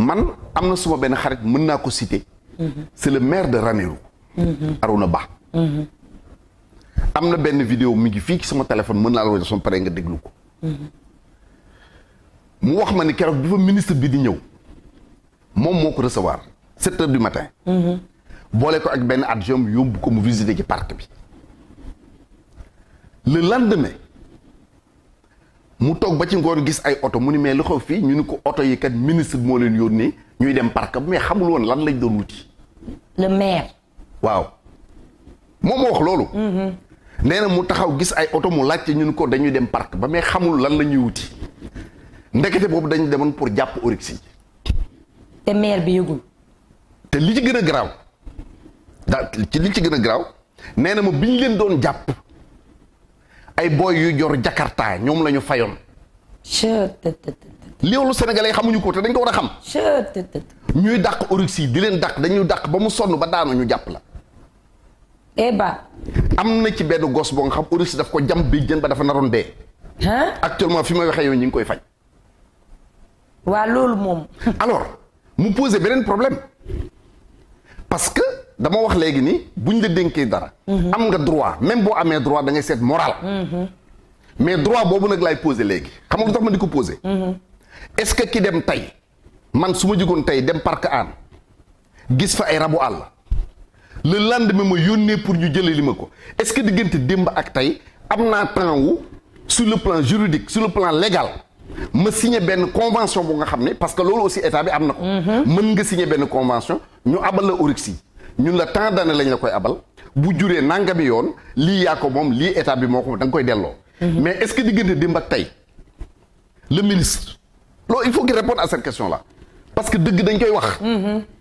man am na suma benn xarit mën naa ko citer. c'est le maire de Ranérou. Arouna Ba. am na benn vidéo mi ngi fii ci sama téléphone mën naa la woo sama pare nga déglu ko. mu wax ma ni keroog bi fa ministre bi di ñëw moom moo ko recevoir sept heures du matin. boole ko ak benn adjoint yóbbu ko mu visiter ci parc bi le lendemain. mu toog ba ci ngoon gis ay oto mu ni mais lu xew fii ñu ni ko oto yi kat ministre moo leen yoon yónnee ñuy dem parc mais xamul woon lan lañ doon wuti. le maire. waaw moom wax loolu. Mm-hmm. na mu taxaw gis ay oto mu laajte ñu ni ko dañuy dem parc ba mais xamul lan la ñuy wuti ndekete boobu dañu demoon pour jàpp orix yi. te maire bi yëgul. te li ci gën a garaaw daal ci li ci gën a garaaw nee na ma bi ñu leen doon jàpp. ay booy yu jor Jakarta ñoom la ñu fayoon. loolu sénégalais xamuñu ko te dañ ko war a xam. ñuy dàq orixi di leen dàq dañuy dàq ba mu sonn ba daanu ñu jàpp la. Eba. am na ci benn gos boo nga xam orixi daf ko jam bi jën ba dafa naroon dee. actuellement fi may waxee yow ñu ngi koy faj. waa loolu moom. alors mu posé beneen problème dama wax léegi ni buñ la dénkee dara. Mhm. am nga droit même boo amee droit da ngay seet moral. Mhm. mais droit boobu nag laay posé léegi xam nga lu tax ma di ko posé. Mhm. est-ce que ki dem tey man su ma jigoon tey dem parc aan gis fa ay rabu àll le lendemain ma yónnee pour ñu jëlee li ma ko est-ce que diggante démb ak tey am naa temps wu sur le plan juridique sur le plan légal ma signé benn convention bu nga xam ne parce que loolu aussi état bi am na ko. mën nga signé benn convention ñu abal la ñun la tant d'années lañ la koy abal bu juree nangami yoon lii yaa ko moom lii état bi moo ko da nga koy delloo. Mhm. mais est-ce que diggante démb ak tey ministre. loolu il faut qu'il réponde à cette question là parce que dëgg dañ koy wax. Mhm.